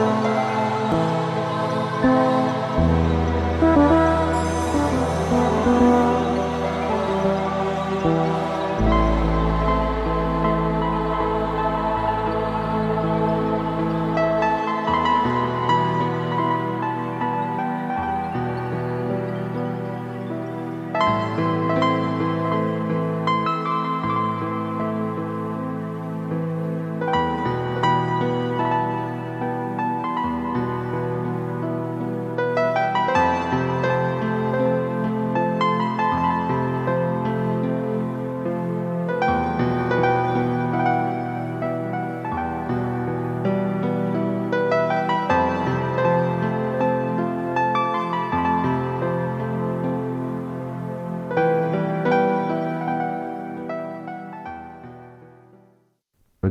Thank you.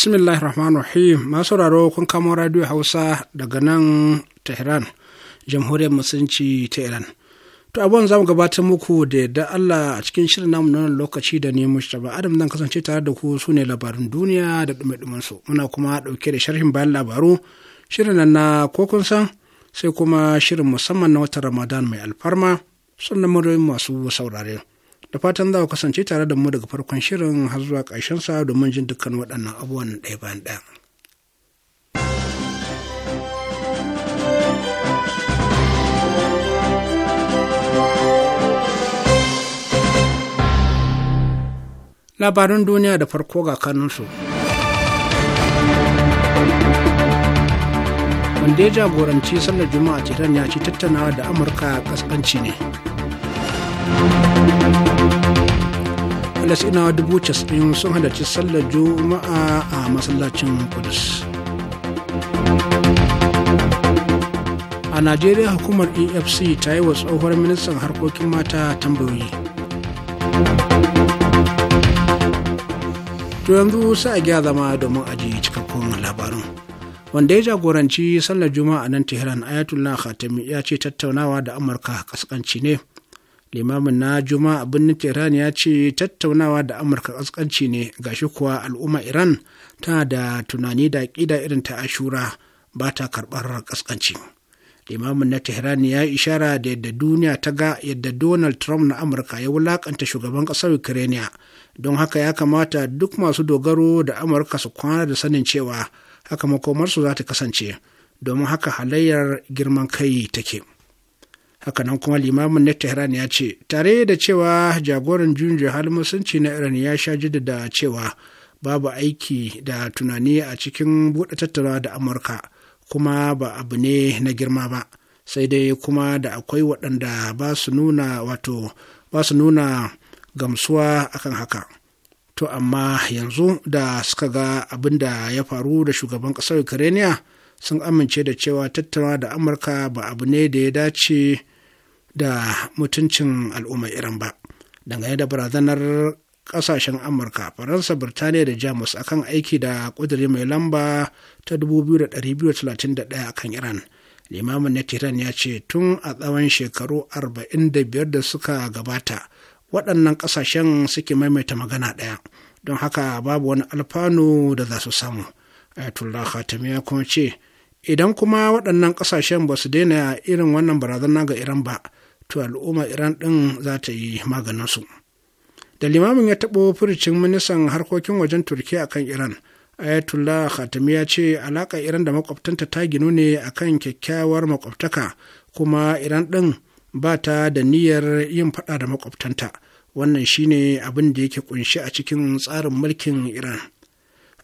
bismillahir rahman rahim masu sauraro kun kamo radio hausa daga nan tehran jamhuriyar musulunci ta iran to abuwan zamu gabatar muku da yadda allah a cikin shirin namu nan lokaci da ne mustapha adam zan kasance tare da ku su ne labarin duniya da dume su muna kuma dauke da sharhin bayan labaru shirin nan na kokun san sai kuma shirin musamman na watan ramadan mai alfarma sannan muryoyin masu saurare da fatan za ku kasance tare da mu daga farkon shirin har zuwa sa domin jin dukkan waɗannan abubuwan ɗaya bayan ɗaya. Labarin duniya da farko ga kanunsu. Wanda ya jagoranci sallar Juma'a Jiran ya ci tattaunawa da Amurka kaskanci ne. falasinawa dubu casa'in sun halarci sallar juma'a a masallacin kudus a najeriya hukumar efc ta yi wa tsohuwar ministan harkokin mata tambayoyi to yanzu sai a gya zama domin ajiye cikakkun labarin wanda ya jagoranci sallar juma'a nan tehran ayatollah khatami ya ce tattaunawa da amurka kaskanci ne limamin na Juma juma'a birnin tehran ya ce tattaunawa da amurka kaskanci ne gashi kuwa al'umma iran tana da tunani da ƙida irin ta ashura ba ta karɓar kaskanci limamin na tehran ya ishara da yadda duniya ta ga yadda donald trump na amurka ya wulakanta shugaban ƙasar ukraine don haka ya kamata duk masu dogaro da amurka su kwana da sanin cewa haka makomarsu za ta kasance domin haka halayyar girman kai take. hakanan kuma limamin na tehran ya ce tare da cewa jagoran juyin juhal musulunci na iran ya sha da cewa babu aiki da tunani a cikin buɗe tattara da amurka kuma ba abu ne na girma ba sai dai kuma da akwai waɗanda ba su nuna wato ba su nuna gamsuwa akan haka to amma yanzu da suka ga abin da ya faru da shugaban ƙasar ukraine sun amince da cewa tattara da amurka ba abu ne da ya dace da mutuncin al'umma iran ba dangane da barazanar kasashen amurka faransa birtaniya da jamus akan aiki da kudiri mai lamba ta 2231 kan iran limamin na tehran ya ce tun a tsawon shekaru 45 da suka gabata waɗannan ƙasashen suke maimaita magana ɗaya don haka babu wani alfanu da za su samu ayatollah khatami ya kuma ce idan kuma waɗannan ƙasashen ba su daina irin wannan barazana ga iran ba to al'umma iran din za ta yi su. da limamin ya taɓo furicin ministan harkokin wajen turkiya akan iran ayatollah khatami ya ce alaƙa iran da makwabtanta ta ginu ne akan kyakkyawar makwabtaka kuma iran din ba ta da niyyar yin faɗa da makwabtanta wannan shine abin da yake kunshi a cikin tsarin mulkin iran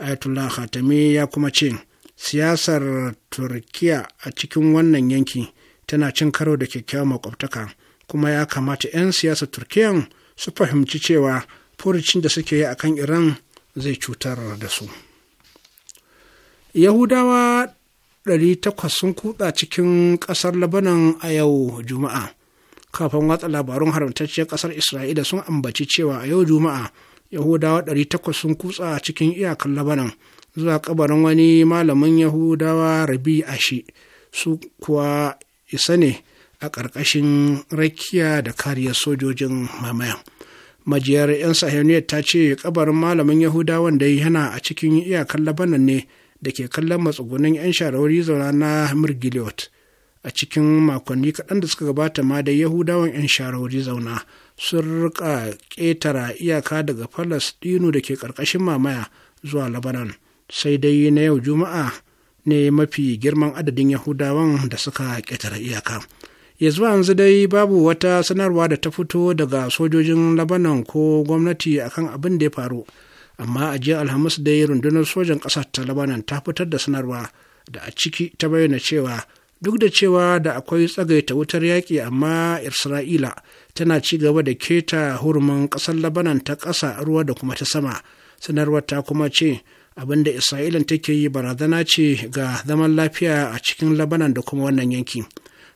ayatollah khatami ya kuma ce siyasar turkiya a cikin wannan yanki tana cin karo da kyakkyawan makwabtaka kuma ya kamata 'yan siyasar turkiyan su fahimci cewa furucin da suke yi akan iran zai cutar da su yahudawa 800 sun kutsa cikin ƙasar labanan a yau juma'a kafin watsa labarun haramtacciyar ƙasar isra'ila sun ambaci cewa a yau juma'a yahudawa 800 sun kutsa cikin iyakar labanan zuwa kabarin wani malamin yahudawa rabi ashi su kuwa isa ne a ƙarƙashin rakiya da kariyar sojojin mamayan majiyar 'yan sahaniyar ta ce kabarin malamin yahudawan dai yana a cikin iyakar labanan ne da ke kallon matsugunan 'yan sharawari zaura na mirgiliot a cikin makonni kaɗan da suka gabata ma da yahudawan 'yan sharawari zauna sun rika ƙetara iyaka daga falastinu da ke ƙarƙashin mamaya zuwa labanan sai dai na yau juma'a ne mafi girman adadin yahudawan da suka ƙetare iyaka ya zuwa yanzu dai babu wata sanarwa da ta fito daga sojojin labanan ko gwamnati akan abin da ya faru amma a jiya alhamis dai rundunar sojan ƙasar ta labanan ta fitar da sanarwa da a ciki ta bayyana cewa duk da cewa da akwai tsagaita wutar yaƙi amma isra'ila tana ci gaba da keta hurumin ƙasar labanan ta ƙasa ruwa da kuma ta sama sanarwar ta kuma ce Abin da isra'ilan take yi barazana ce ga zaman lafiya a cikin labanan da kuma wannan yanki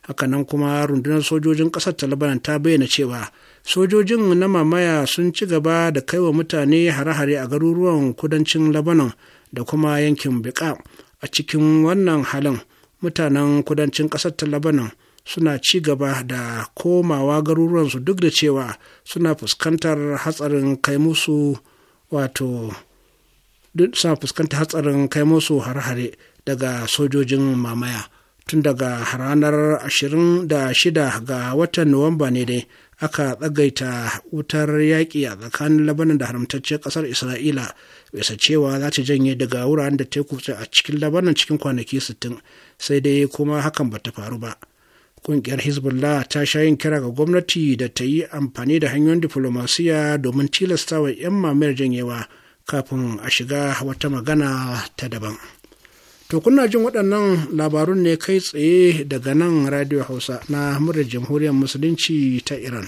hakanan kuma rundunar sojojin ƙasar ta labanan ta bayyana cewa sojojin na mamaya sun ci gaba da kai wa mutane hare-hare a garuruwan kudancin labanan da kuma yankin bika a cikin wannan halin mutanen kudancin ƙasar ta labanan suna ci gaba da komawa garuruwansu duk da cewa suna fuskantar hatsarin kai musu wato duk suna fuskanta hatsarin kai musu har-hare daga sojojin mamaya tun daga ranar 26 ga watan nuwamba ne dai aka tsagaita wutar yaƙi a tsakanin labanin da haramtaccen ƙasar isra'ila bisa cewa za ta janye daga wuraren da ta teku a cikin labanin cikin kwanaki 60 sai dai kuma hakan ba ta faru ba ƙungiyar hezbollah ta sha yin kira ga gwamnati da ta yi amfani da hanyoyin diflomasiya domin tilastawa 'yan mamayar janyewa kafin a shiga wata magana ta daban. To kuna jin waɗannan labarun ne kai tsaye daga nan Radio Hausa na murar Jamhuriyar Musulunci ta Iran.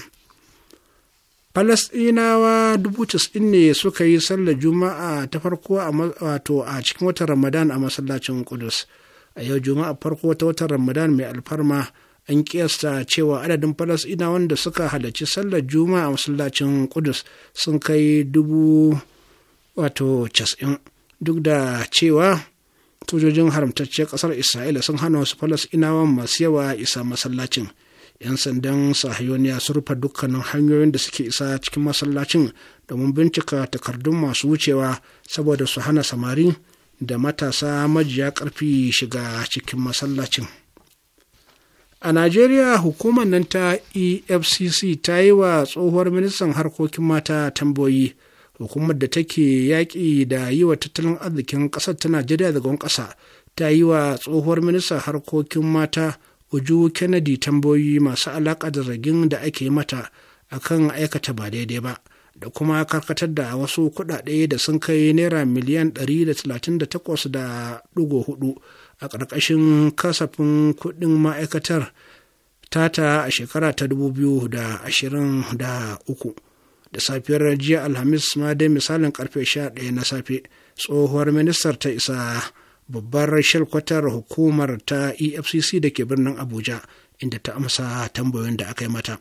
Falasɗinawa dubu casa'in ne suka yi sallar Juma'a ta farko wato a cikin watan Ramadan a masallacin Kudus. A yau Juma'a farko ta watan Ramadan mai alfarma an kiyasta cewa adadin falasɗinawa da suka halarci sallar Juma'a a masallacin Kudus sun kai dubu wato cas'in duk da cewa sojojin haramtacciyar ƙasar isra'ila sun hana wasu falasɗinawan masu yawa isa masallacin 'yan sandan sahiyoniya sun rufe dukkanin hanyoyin da suke isa cikin masallacin domin bincika takardun masu wucewa saboda su hana samari da matasa majiya ƙarfi shiga cikin masallacin a najeriya hukumar nan ta efcc ta yi wa tsohuwar ministan harkokin mata tambayoyi hukumar da take yaƙi da yi wa tattalin arzikin ƙasar ta najeriya wani ƙasa ta yi wa tsohuwar ministan harkokin mata uju kennedy tambayoyi masu alaƙa da zargin da ake mata a kan aikata ba daidai ba da kuma karkatar da wasu kuɗaɗe da sun kai naira miliyan 138.4 a ƙarƙashin kasafin kuɗin ma'aikatar tata a shekara ta 2023 da safiyar jiya alhamis ma dai misalin karfe 11 na safe tsohuwar ministar ta isa babbar shalkwatar hukumar ta efcc da ke birnin abuja inda ta amsa tambayoyin da aka yi mata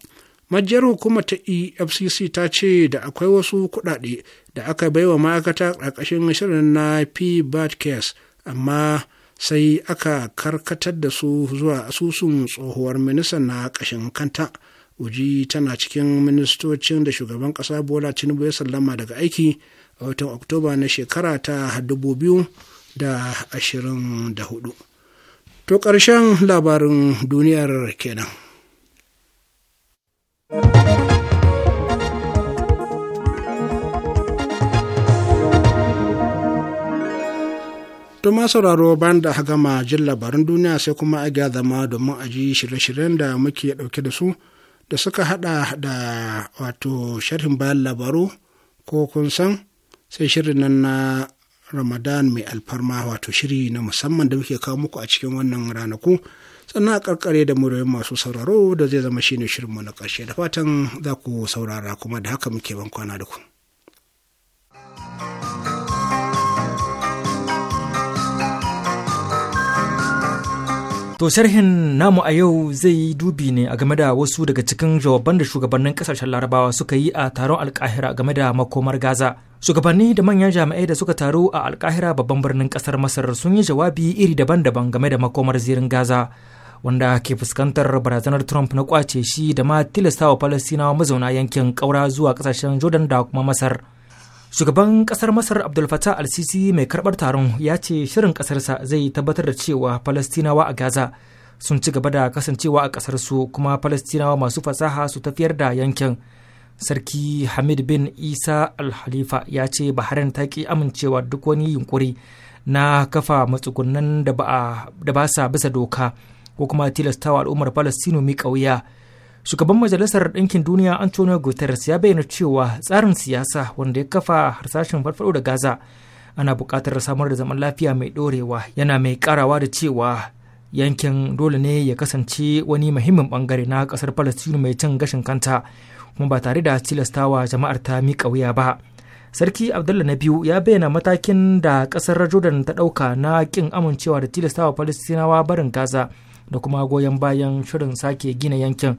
majiyar hukumar ta efcc ta ce da akwai wasu kuɗaɗe da aka bai wa ma'aikata ƙarƙashin shirin na p case amma sai aka karkatar da su zuwa asusun tsohuwar minista na ƙashin kanta uji tana cikin ministocin da shugaban kasa bola tinubu ya sallama daga aiki a watan oktoba na shekara ta dubu biyu da da ashirin hudu to ƙarshen labarin duniyar kenan ma sauraro bayan da gama jin labarin duniya sai kuma a zama domin a ji shirye-shiryen da muke dauke da su da suka hada da wato sharhin bayan labaru ko kun san sai shirin nan na ramadan mai alfarma wato shiri na musamman da muke kawo muku a cikin wannan ranaku sannan a karkare da muryoyin masu sauraro da zai zama shine shirinmu na karshe da fatan za ku saurara kuma da haka muke bankwana kwana da ku. To sharhin namu a yau zai yi dubi ne a game da wasu daga cikin jawaban da shugabannin kasashen larabawa suka yi a taron alkahira game da makomar Gaza. Shugabanni da manyan jami'ai da suka taru a alkahira babban birnin kasar Masar sun yi jawabi iri daban-daban game da makomar zirin Gaza. wanda ke fuskantar barazanar Trump na kwace shi da ma tilasta tilastawa Falastinawa mazauna yankin ƙaura zuwa kasashen Jordan da kuma Masar. shugaban kasar masar abdul fattah al-sisi mai karbar taron ya ce shirin kasarsa zai tabbatar da cewa falastinawa a gaza sun ci gaba da kasancewa a kasar su kuma falastinawa masu fasaha su tafiyar da yankin sarki hamid bin isa al-halifa ya ce bahrain ta ki amincewa duk wani yunkuri na kafa matsugunan da ba sa bisa doka ko kuma tilastawa al'ummar falastinu mai shugaban majalisar ɗinkin duniya antonio guterres ya bayyana cewa tsarin siyasa wanda ya kafa harsashen farfado da gaza ana buƙatar samar da zaman lafiya mai ɗorewa yana mai ƙarawa da cewa yankin dole ne ya kasance wani muhimmin bangare na ƙasar palestine mai cin gashin kanta kuma ba tare da tilastawa jama'ar ta miƙa wuya ba sarki abdullah na biyu ya bayyana matakin da ƙasar jordan ta ɗauka na ƙin amincewa da tilastawa palestinawa barin gaza da kuma goyon bayan shirin sake gina yankin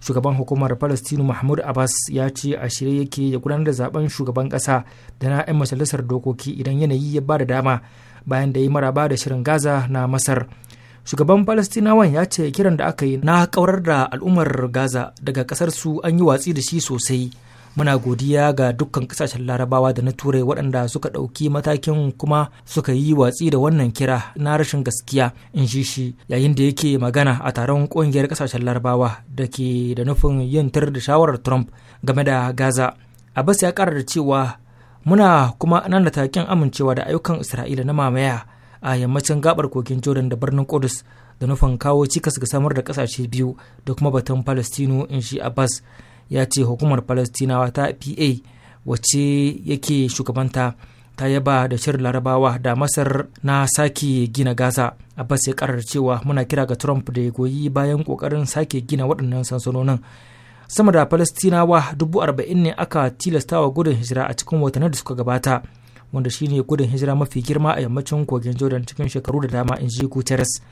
shugaban hukumar palestinu mahmud abbas ya ce a shirye yake ya gudanar da zaben shugaban kasa da na 'yan majalisar dokoki idan yanayi ya ba da dama bayan da ya maraba da shirin gaza na masar shugaban palestinawan ya ce kiran da aka yi na kaurar da al'ummar gaza daga kasar su an yi watsi da shi sosai muna godiya ga dukkan kasashen larabawa da na turai waɗanda suka ɗauki matakin kuma suka yi watsi da wannan kira na rashin gaskiya in shi shi yayin da yake magana a taron ƙungiyar kasashen larabawa da ke da nufin yin tar da shawarar trump game da gaza abbas ya ƙara da cewa muna kuma nan da takin amincewa da ayyukan isra'ila na mamaya a yammacin gabar kogin jordan da birnin kudus da nufin kawo cikas ga samar da kasashe biyu da kuma batun palestino in shi abbas ya ce hukumar palestinawa ta pa wacce yake shugabanta ta yaba da shirin larabawa da masar na sake gina gaza abbas ya karar cewa muna kira ga trump da ya goyi bayan kokarin sake gina waɗannan sansanonin sama da palestinawa dubu arba'in ne aka tilastawa gudun hijira a cikin watanni da suka gabata wanda shine gudun hijira mafi girma a yammacin kogin jordan cikin shekaru da dama in ji guterres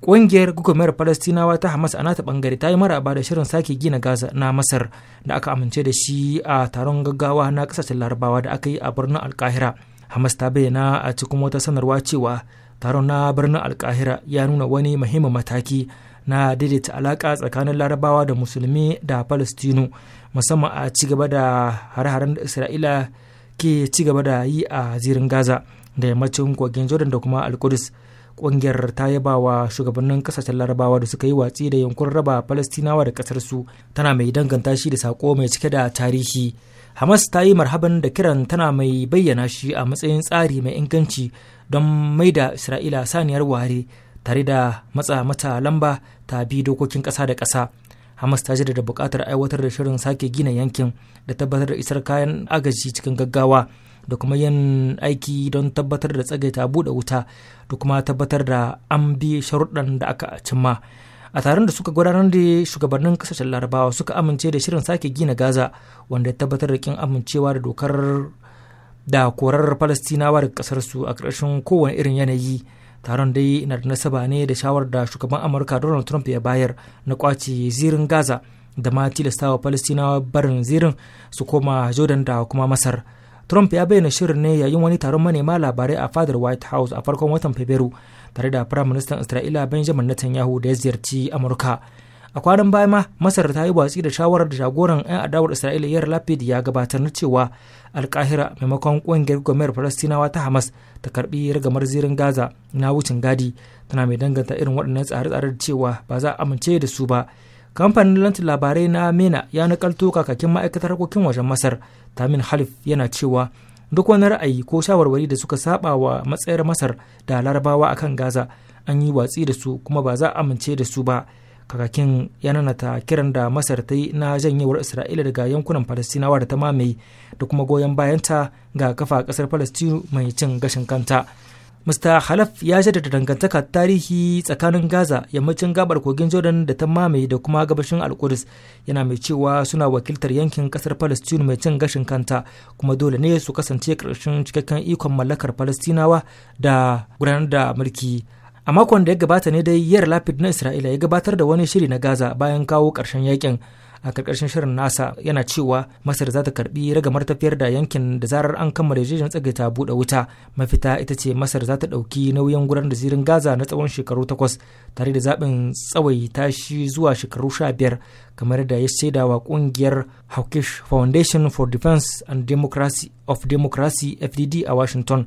Ƙungiyar gugumar Falastinawa ta Hamas a nata bangare ta yi maraba da shirin sake gina Gaza na Masar da aka amince da shi a taron gaggawa na kasashen Larabawa da aka yi a birnin Alkahira. Hamas ta bayyana a cikin wata sanarwa cewa taron na birnin Alkahira ya nuna wani muhimmin mataki na daidaita alaka tsakanin Larabawa da Musulmi da Falastinu musamman a ci gaba da hare-haren da Isra'ila ke ci gaba da yi a zirin Gaza da yammacin kogin Jordan da kuma Alkudus. ƙungiyar ta yaba wa shugabannin kasashen larabawa da suka yi watsi da yankun raba falastinawa da ƙasarsu tana mai danganta shi da sako mai cike da tarihi hamas ta yi marhaban da kiran tana mai bayyana shi a matsayin tsari mai inganci don mai da isra'ila saniyar ware tare da matsa mata lamba ta bi dokokin ƙasa da ƙasa Hamas ta jaddada bukatar aiwatar da shirin sake gina yankin da tabbatar da isar kayan agaji cikin gaggawa da kuma yin aiki don tabbatar da tsagaita buɗe wuta da kuma tabbatar da an bi sharuɗan da aka cimma a taron da suka gudanar da shugabannin kasashen larabawa suka amince da shirin sake gina gaza wanda ya tabbatar da kin amincewa da dokar da korar falastinawa daga ƙasar su a ƙarshen kowane irin yanayi taron dai na da nasaba ne da shawarar da shugaban amurka donald trump ya bayar na kwace zirin gaza da ma tilastawa falastinawa barin zirin su koma jordan da kuma masar Trump ya bayyana shirin ne yayin wani taron manema labarai a fadar White House a farkon watan Fabrairu tare da Prime Minister Isra'ila Benjamin Netanyahu da ya ziyarci Amurka. A kwanan baya ma Masar ta yi watsi da shawarar da jagoran 'yan adawar Isra'ila Yair Lapid ya gabatar na cewa Alkahira maimakon ƙungiyar gwamnatin Falastinawa ta Hamas ta karbi ragamar zirin Gaza na wucin gadi tana mai danganta irin waɗannan tsare-tsare da cewa ba za a amince da su ba kamfanin lantin labarai na mena ya nakalto kakakin ma'aikatar harkokin wajen masar tamin halif yana cewa duk wani ra'ayi ko shawarwari da suka saba wa matsayar masar da larabawa akan gaza an yi watsi da su kuma ba za a amince da su ba kakakin ya nanata kiran da masar ta yi na janyewar isra'ila daga yankunan falastinawa da ta mamaye da kuma goyon bayanta ga kafa kasar falastinu mai cin gashin kanta Mr. Halaf ya jaddada dangantaka tarihi tsakanin Gaza, yammacin gabar kogin Jordan da ta mamaye da kuma gabashin Alkudus, yana mai cewa suna wakiltar yankin kasar Palestine mai cin gashin kanta, kuma dole ne su kasance ƙarshen cikakken ikon mallakar Palestinawa da gudanar da mulki. A makon da ya gabata ne dai yar Lapid na Isra'ila ya gabatar da wani shiri na Gaza bayan kawo ƙarshen yakin. a karkashin shirin nasa yana cewa masar za ta karbi ragamar tafiyar da yankin da zarar an kammala yarjejeniyar ta buɗe wuta mafita ita ce masar za ta ɗauki nauyin gudanar da zirin gaza na tsawon shekaru takwas tare da zaɓin tsawai shi zuwa shekaru sha biyar kamar da ya shaida wa ƙungiyar hawkish foundation for defense and democracy of democracy fdd a washington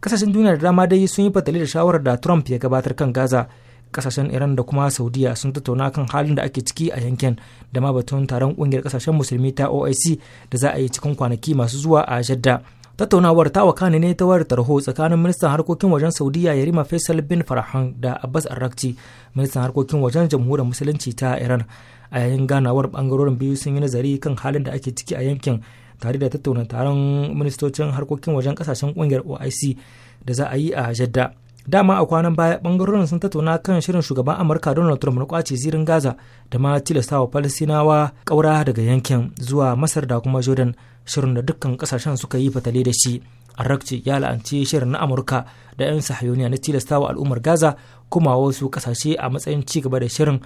kasashen duniya da dama dai sun yi fatali da shawarar da trump ya gabatar kan gaza kasashen iran da kuma saudiya sun tattauna kan halin da ake ciki a yankin da ma batun taron kungiyar kasashen musulmi ta oic da za a yi cikin kwanaki masu zuwa a jadda tattaunawar ta wakane ne ta wayar tarho tsakanin ministan harkokin wajen saudiya yarima faisal bin farhan da abbas arrakci ministan harkokin wajen jamhuriyar musulunci ta iran a yayin ganawar bangarorin biyu sun yi nazari kan halin da ake ciki a yankin tare da tattauna taron ministocin harkokin wajen kasashen kungiyar oic da za a yi a jadda dama a kwanan baya bangarorin sun tattauna kan shirin shugaban amurka donald trump na kwace zirin gaza da ma tilastawa falastinawa kaura daga yankin zuwa masar da kuma jordan shirin da dukkan kasashen suka yi fatale da shi arakci ya la'anci shirin na amurka da 'yan sahayoniya na tilastawa al'ummar gaza kuma wasu kasashe a matsayin ci gaba da shirin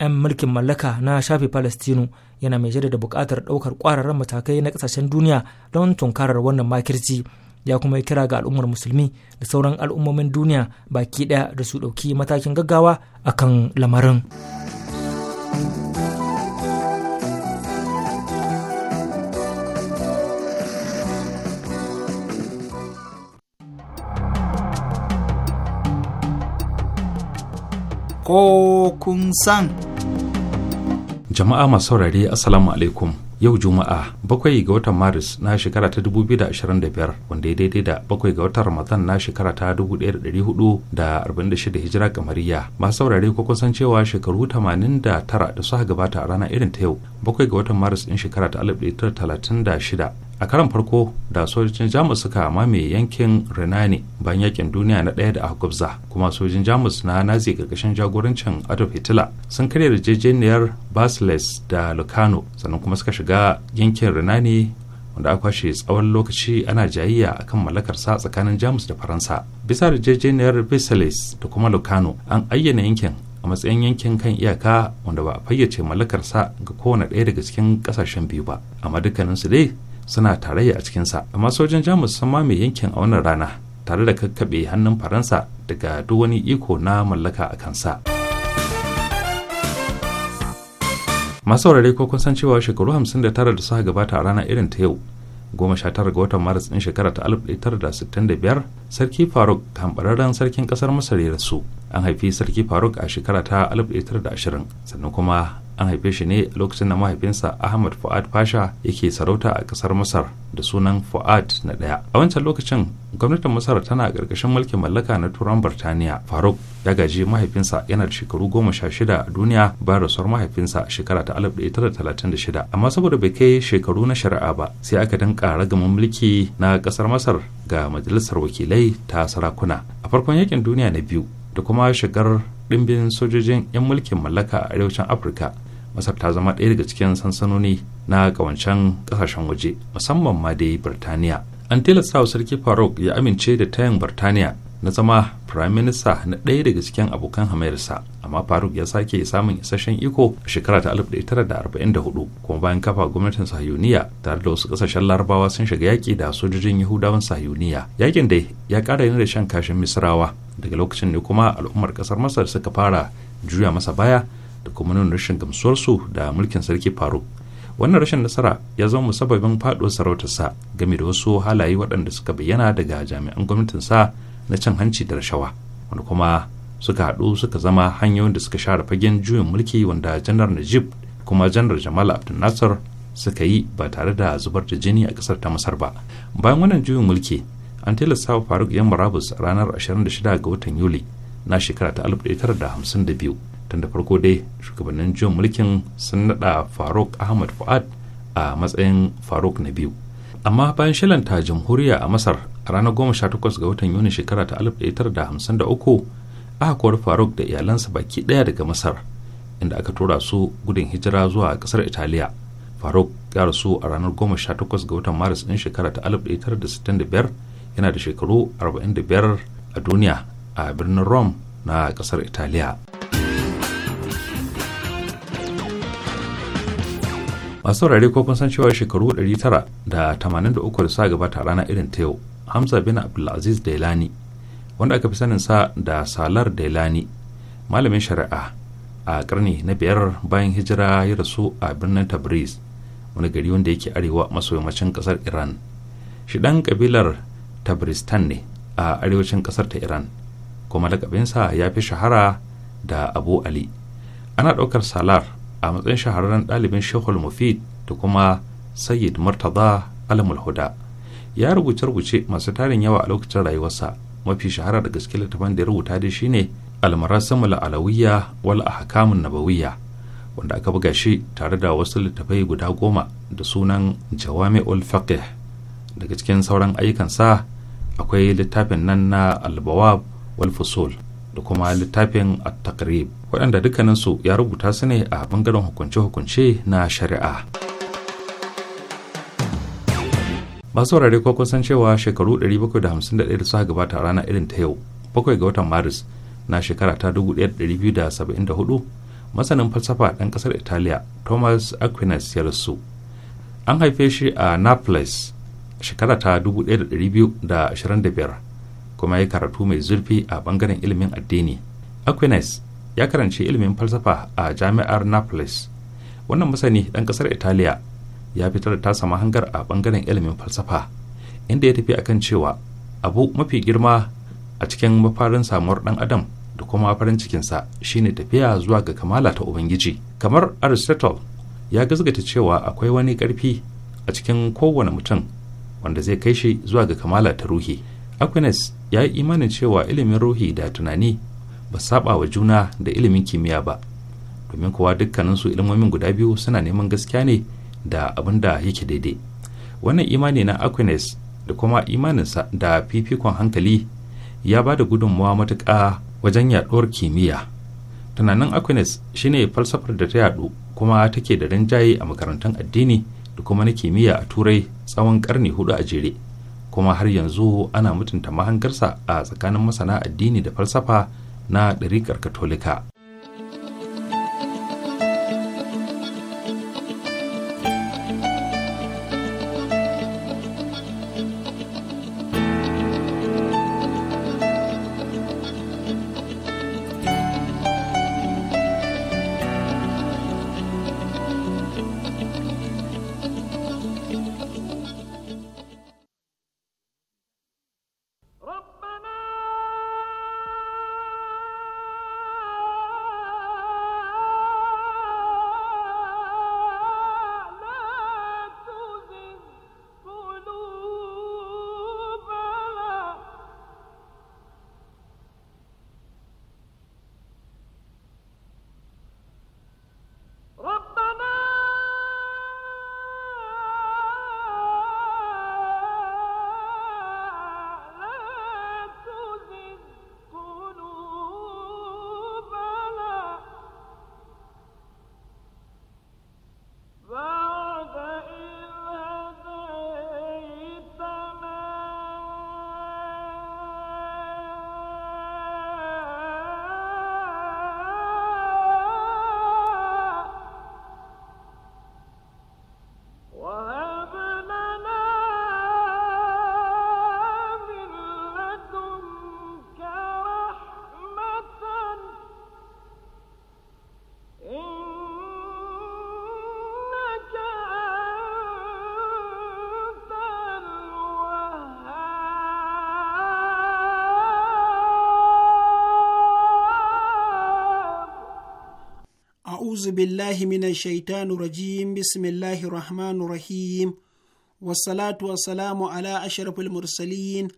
'yan mulkin mallaka na shafe palestino yana mai jaddada buƙatar ɗaukar ƙwararren matakai na kasashen duniya don tunkarar wannan makirci ya kuma yi kira ga al'ummar musulmi da sauran al'ummomin duniya baki ɗaya da su ɗauki matakin gaggawa a kan lamarin. Ko kun san. Jama'a masu saurare Assalamu alaikum. yau juma'a bakwai ga watan maris na shekara ta 2025 wanda ya daidai da bakwai ga watan ramadan na shekara ta 1446 hijira kamariya masu saurare ko kusan cewa shekaru 89 da suka gabata a rana irin ta yau bakwai ga watan maris din shekara ta 1936 a karan farko da sojojin jamus suka mame yankin renani bayan yakin duniya na ɗaya da aka kuma sojojin jamus na nazi gargashin jagorancin adolf hitler sun karya jejeniyar basiles da lucano sannan kuma suka shiga yankin renani wanda aka kwashe tsawon lokaci ana jayayya akan mallakarsa tsakanin jamus da faransa bisa da jejeniyar basiles da kuma lucano an ayyana yankin a matsayin yankin kan iyaka wanda ba a fayyace mallakarsa ga kowane ɗaya daga cikin kasashen biyu ba amma dukkaninsu dai suna tarayya a cikinsa amma sojin jamus sun mame yankin a wannan rana tare da kakkaɓe hannun faransa daga duk wani iko na mallaka a kansa masu saurare ko kun san cewa shekaru 59 da suka gabata a rana irin ta yau goma sha tara ga watan maris ɗin shekara ta alif tara da sittin da biyar sarki faruk kambararren sarkin kasar masar ya rasu an haifi sarki faruk a shekara ta alif tara da ashirin sannan kuma an haife shi ne a lokacin da mahaifinsa ahmad fu'ad pasha yake sarauta a kasar masar da sunan fu'ad na ɗaya a wancan lokacin gwamnatin masar tana karkashin mulkin mallaka na turan birtaniya faruk ya gaji mahaifinsa yana da shekaru goma sha shida a duniya bayan rasuwar mahaifinsa shekara ta alif ɗaya tara talatin da shida amma saboda bai kai shekaru na shari'a ba sai aka dinka ragamin mulki na kasar masar ga majalisar wakilai ta sarakuna a farkon yakin duniya na biyu da kuma shigar ɗimbin sojojin 'yan mulkin mallaka a arewacin afirka masar ta zama ɗaya daga cikin sansanoni na ƙawancen ƙasashen waje musamman ma dai birtaniya an tilasta wa sarki faruk ya amince da tayan birtaniya na zama firaminista na ɗaya daga cikin abokan hamayarsa amma faruk ya sake samun isasshen iko a shekara ta 1944 kuma bayan kafa gwamnatin sahiyuniya tare da wasu ƙasashen larabawa sun shiga yaƙi da sojojin yahudawan sahiyuniya yaƙin dai ya ƙara yin shan kashin misrawa daga lokacin ne kuma al'ummar ƙasar masar suka fara juya masa baya da kuma nuna rashin gamsuwarsu da mulkin sarki faruk wannan rashin nasara ya zama musababin faduwar sa game da wasu halaye waɗanda suka bayyana daga jami'an gwamnatin sa na cin hanci da rashawa wanda kuma suka haɗu suka zama hanyoyin da suka share fagen juyin mulki wanda janar najib kuma janar jamal abdul nasir suka yi ba tare da zubar da jini a kasar ta masar ba bayan wannan juyin mulki an tilasta wa faruk yan murabus ranar 26 ga watan yuli na shekara ta 1952 tun da farko dai shugabannin jin mulkin sun naɗa faruk ahmad fuad a matsayin faruk na biyu amma bayan shilanta jamhuriya a masar a ranar goma sha takwas ga watan yuni shekara ta uku aka kori faruk da iyalansa baki ɗaya daga masar inda aka tura su gudun hijira zuwa ƙasar italiya faruk ya rasu a ranar goma sha takwas ga watan maris ɗin shekara ta 1965 yana da shekaru biyar a duniya a birnin rome na ƙasar italiya masu saurare ko kun san cewa shekaru 983 da sa gabata a rana irin ta yau hamza bin abdulaziz delani wanda aka fi sanin sa da salar delani malamin shari'a a karni na biyar bayan hijira ya rasu a birnin tabriz wani gari wanda yake arewa maso yammacin kasar iran shi dan kabilar tabristan ne a arewacin kasar ta iran kuma lakabinsa ya fi shahara da abu ali ana ɗaukar salar a matsayin shahararren ɗalibin shehul mufid da kuma sayyid murtaza alamul huda ya rubuce rubuce masu tarin yawa a lokacin rayuwarsa mafi shahara da gaske littafin da ya rubuta dai shine almarasamul alawiyya wal ahkamun nabawiyya wanda aka buga shi tare da wasu littafai guda goma da sunan jawami'ul faqih daga cikin sauran ayyukansa akwai littafin nan na albawab wal fusul da kuma littafin at-taqrib waɗanda dukkaninsu ya rubuta su ne a bangaren hukunce-hukunce na shari'a masu saurare ko kun cewa shekaru 751 da suka gabata rana irin ta yau bakwai ga watan maris na shekara ta 1274 masanin falsafa ɗan ƙasar italiya thomas aquinas ya rasu an haife shi a naples shekara ta 1225 kuma ya karatu mai zurfi a bangaren ilimin addini aquinas ya karanci ilimin falsafa a jami'ar naples wannan masani ɗan ƙasar italiya ya fitar da tasa mahangar a bangaren ilimin falsafa inda ya tafi a kan cewa abu mafi girma a cikin mafarin samuwar ɗan adam da kuma farin cikinsa shine tafiya zuwa ga kamala ta ubangiji kamar aristotle ya gazgata cewa akwai wani ƙarfi a cikin kowane mutum wanda zai kai shi zuwa ga kamala ta ruhi aquinas ya yi imanin cewa ilimin ruhi da tunani ba saba wa juna da ilimin kimiyya ba domin kowa dukkaninsu ilimomin guda biyu suna neman gaskiya ne da abin da yake daidai wannan imani na aquinas da kuma imaninsa da fifikon hankali ya ba da gudunmawa matuƙa wajen yaɗuwar kimiyya tunanin aquinas shine falsafar da ta yaɗu kuma take da rinjaye a makarantun addini da kuma na kimiyya a turai tsawon ƙarni hudu a jere kuma har yanzu ana mutunta mahangarsa a tsakanin masana addini da falsafa na ɗariƙar katolika a'uzu billahi minash shaitani rajim bismillahir rahmanir rahim wassalatu wassalamu ala ashrafil mursalin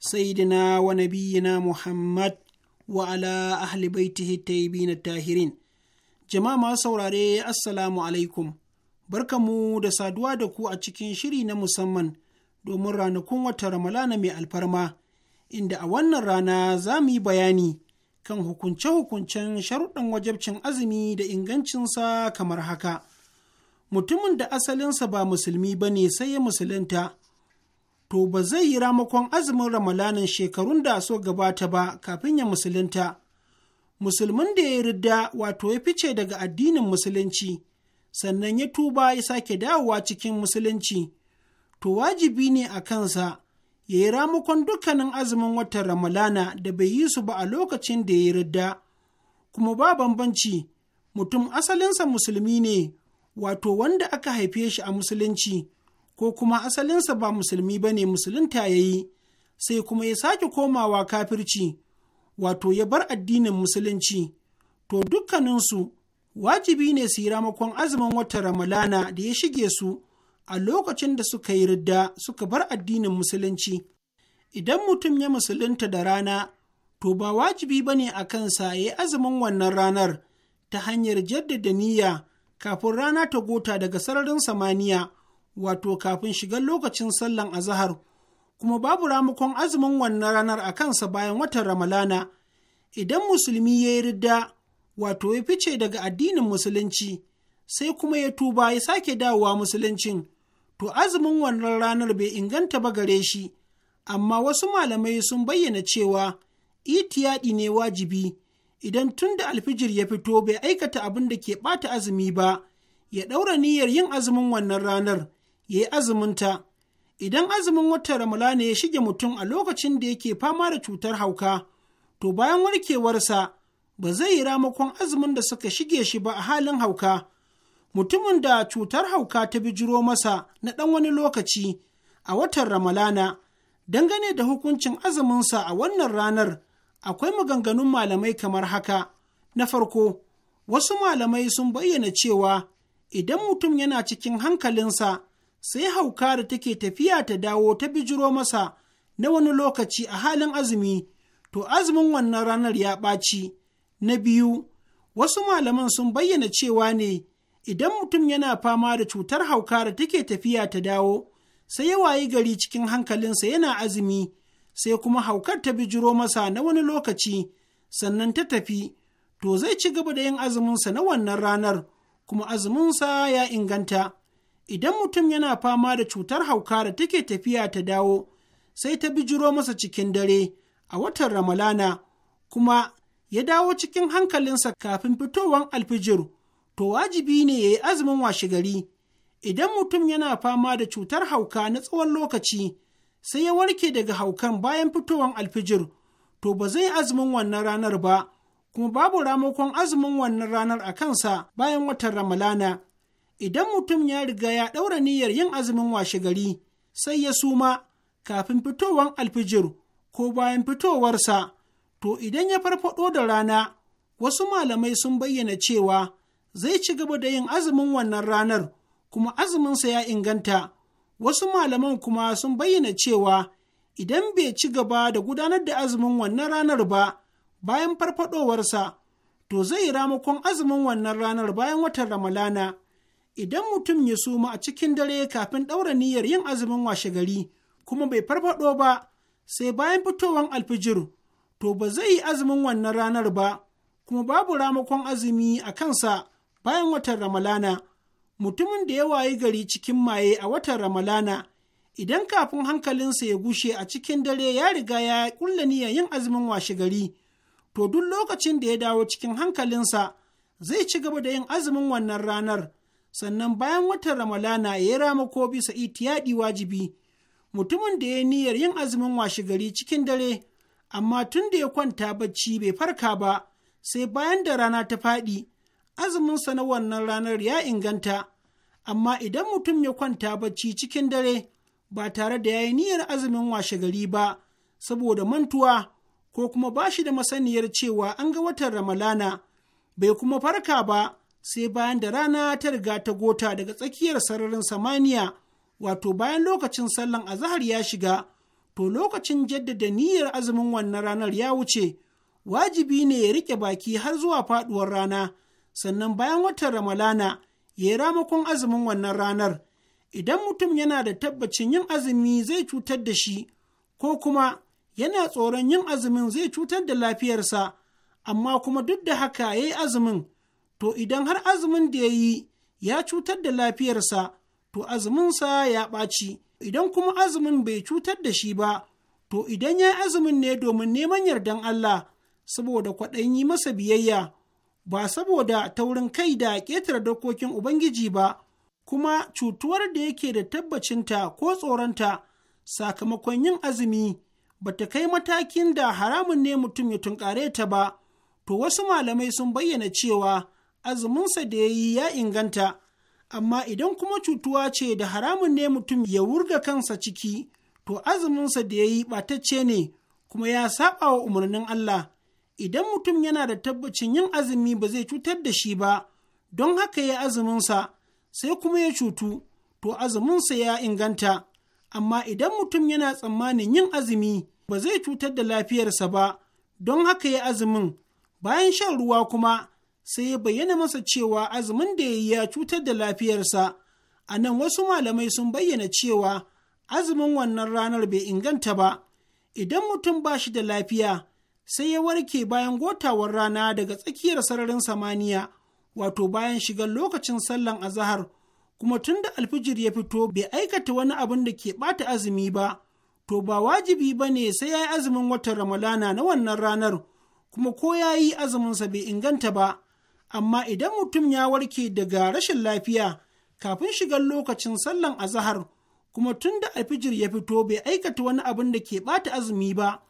sayyidina wa nabiyyina muhammad wa ala ahli baitihi na tahirin jama'a ma saurare assalamu alaikum barkamu da saduwa da ku a cikin shiri na musamman domin ranakun wata Ramadana mai alfarma inda a wannan rana za mu yi bayani kan hukunce-hukuncen sharuɗan wajabcin azumi da ingancinsa kamar haka. Mutumin da asalinsa ba musulmi ba ne sai ya musulunta, to ba zai yi ramakon azumin ramalanin shekarun da so gabata ba kafin ya musulunta. Musulmin da ya ridda wato ya fice daga addinin musulunci, sannan ya tuba ya sake dawowa cikin musulunci, to wajibi ne a kansa. ya yi ramukon dukkanin azumin watan Ramalana da bai yi su ba a lokacin da ya yi ridda, kuma ba bambanci mutum asalinsa musulmi ne, wato wanda aka haife shi a musulunci, ko kuma asalinsa ba musulmi ba ne musulunta ya yi, sai kuma ya sake komawa kafirci, wato ya bar addinin musulunci. To dukkaninsu wajibi ne su yi ramakon azumin watan Ramalana da ya shige su. a lokacin da suka yi ridda suka bar addinin musulunci idan mutum ya musulunta da rana to ba wajibi ba ne a kansa ya yi azumin wannan ranar ta hanyar jaddada niyya kafin rana ta gota daga sararin samaniya wato kafin shigar lokacin sallan azahar kuma babu ramukon azumin wannan ranar a kansa bayan watan ramalana idan musulmi ya yi ridda wato ya fice daga addinin musulunci sai kuma ya tuba ya sake dawowa musuluncin to azumin wannan ranar bai inganta ba gare shi, amma wasu malamai sun bayyana cewa itiyaɗi ne wajibi idan tun da alfijir ya fito bai aikata abin da ke ɓata azumi ba, ya ɗaura niyyar yin azumin wannan ranar, ya yi azuminta. Idan azumin watan Ramulana ya shige mutum a lokacin da yake fama da cutar hauka, to bayan warkewarsa ba zai yi ramakon azumin da suka shige shi ba a halin hauka. mutumin da cutar hauka ta bijiro masa na ɗan wani lokaci a watan Ramalana, dangane da hukuncin azuminsa a wannan ranar akwai maganganun malamai kamar haka. Na farko, wasu malamai sun bayyana cewa idan mutum yana cikin hankalinsa sai hauka da take tafiya ta dawo ta bijiro masa na wani lokaci a halin azumi, to azumin wannan ranar ya ɓaci. Na biyu, wasu malaman sun bayyana cewa ne idan mutum yana fama da cutar hauka da take tafiya ta dawo sai ya wayi gari cikin hankalinsa yana azumi sai kuma haukar ta bijiro masa na wani lokaci sannan ta tafi to zai ci gaba da yin azuminsa na wannan ranar kuma azuminsa ya inganta idan mutum yana fama da cutar hauka da take tafiya ta dawo sai ta bijiro masa cikin dare a watan ramalana kuma ya dawo cikin hankalinsa kafin fitowar alfijir to wajibi ne ya yi azumin washe gari. Idan mutum yana fama da cutar hauka na tsawon lokaci, sai ya warke daga haukan bayan fitowar alfijir, to ba zai azumin wannan ranar ba, kuma babu ramakon azumin wannan ranar a kansa bayan watan Ramalana. Idan mutum ya riga ya ɗaura niyyar yin azumin washe gari, sai ya suma kafin fitowar alfijir ko bayan fitowarsa, to idan ya farfaɗo da rana, wasu malamai sun bayyana cewa zai ci gaba da yin azumin wannan ranar kuma azuminsa ya inganta wasu malaman kuma sun bayyana cewa idan bai ci gaba da gudanar da azumin wannan ranar ba bayan farfadowarsa to zai yi ramakon azumin wannan ranar bayan watan ramalana idan mutum ya suma a cikin dare kafin ɗaura niyyar yin azumin washe gari kuma bai farfado ba sai bayan fitowar alfijir to ba zai yi azumin wannan ranar ba kuma babu ramakon azumi a kansa bayan watan Ramalana, mutumin da ya wayi gari cikin maye a watan Ramalana, idan kafin hankalinsa ya gushe a cikin dare ya riga ya kulla niyyar yin azumin washe gari, to duk lokacin da ya dawo cikin hankalinsa zai ci gaba da yin azumin wannan ranar, sannan bayan watan Ramalana ya rama ko bisa itiyaɗi wajibi. Mutumin da ya niyyar yin azumin washe gari cikin dare, amma tun da ya kwanta bacci bai farka ba, sai bayan da rana ta faɗi. azuminsa na wannan ranar ya inganta, amma idan mutum ya kwanta bacci cikin dare ba tare da ya yi niyyar azumin washe gari ba, saboda mantuwa ko kuma ba shi da masaniyar cewa an ga watan Ramalana, bai kuma farka ba sai bayan da rana ta riga ta gota daga tsakiyar sararin samaniya, wato bayan lokacin sallan azahar ya shiga, to lokacin jaddada niyyar azumin wannan ranar ya wuce, wajibi ne ya riƙe baki har zuwa faɗuwar rana. sannan bayan watan Ramalana ya yi ramakon azumin wannan ranar. Idan mutum yana da tabbacin yin azumi zai cutar da shi, ko kuma yana tsoron yin azumin zai cutar da lafiyarsa, amma kuma duk da haka ya yi azumin, to idan har azumin da ya yi ya cutar da lafiyarsa, to azuminsa ya ɓaci. Idan kuma azumin bai cutar da shi ba, to idan ya yi azumin ne domin neman yardan Allah, saboda kwaɗayin yi masa biyayya. ba saboda taurin kai da ƙetare dokokin Ubangiji ba, kuma cutuwar da yake da tabbacinta ko tsoronta sakamakon yin azumi ba ta kai matakin da haramun ne mutum ya tunkare ta ba, to wasu malamai sun bayyana cewa azuminsa da ya yi ya inganta, amma idan kuma cutuwa ce da haramun ne mutum ya wurga kansa ciki, to azuminsa da ya yi ɓatacce ne kuma ya saɓa wa umarnin Allah. idan mutum yana da tabbacin yin azumi ba zai cutar da shi ba don haka ya azuminsa sai kuma ya cutu to azuminsa ya inganta amma idan mutum yana tsammanin yin azumi ba zai cutar da lafiyarsa ba don haka ya azumin bayan shan ruwa kuma sai ya bayyana masa cewa azumin da ya yi ya cutar da lafiyarsa a nan wasu malamai sun bayyana cewa azumin wannan ranar bai inganta ba idan mutum ba shi da lafiya sai ya warke bayan gotawar rana daga tsakiyar sararin samaniya wato bayan shigar lokacin sallan azahar kuma tun da alfijir ya fito bai aikata wani abin da ke bata azumi ba to ba wajibi ba ne sai ya yi azumin watan ramalana na wannan ranar kuma ko ya yi azuminsa bai inganta ba amma idan mutum ya warke daga rashin lafiya kafin shigar lokacin sallan azahar kuma tun da alfijir ya fito bai aikata wani abin da ke bata azumi ba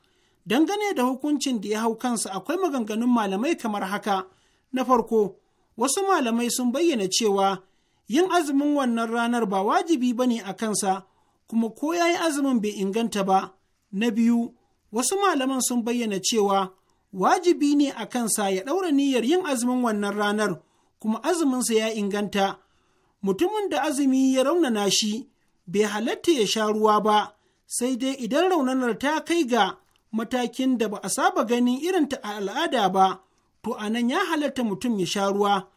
Dangane da hukuncin da ya hau kansa akwai maganganun malamai kamar haka. Na farko, wasu malamai sun bayyana cewa yin azumin wannan ranar ba wajibi ba ne a kansa, kuma ko ya yi azumin bai inganta ba. Na biyu, wasu malaman sun bayyana cewa wajibi ne a kansa ya ɗaura niyyar yin azumin wannan ranar, kuma azuminsa ya inganta. Mutumin da azumi ya raunana shi, bai halatta ya sha ruwa ba, sai dai idan raunanar ta kai ga matakin da ba a saba ganin irinta a al'ada ba, to a nan ya halatta mutum ya sha ruwa.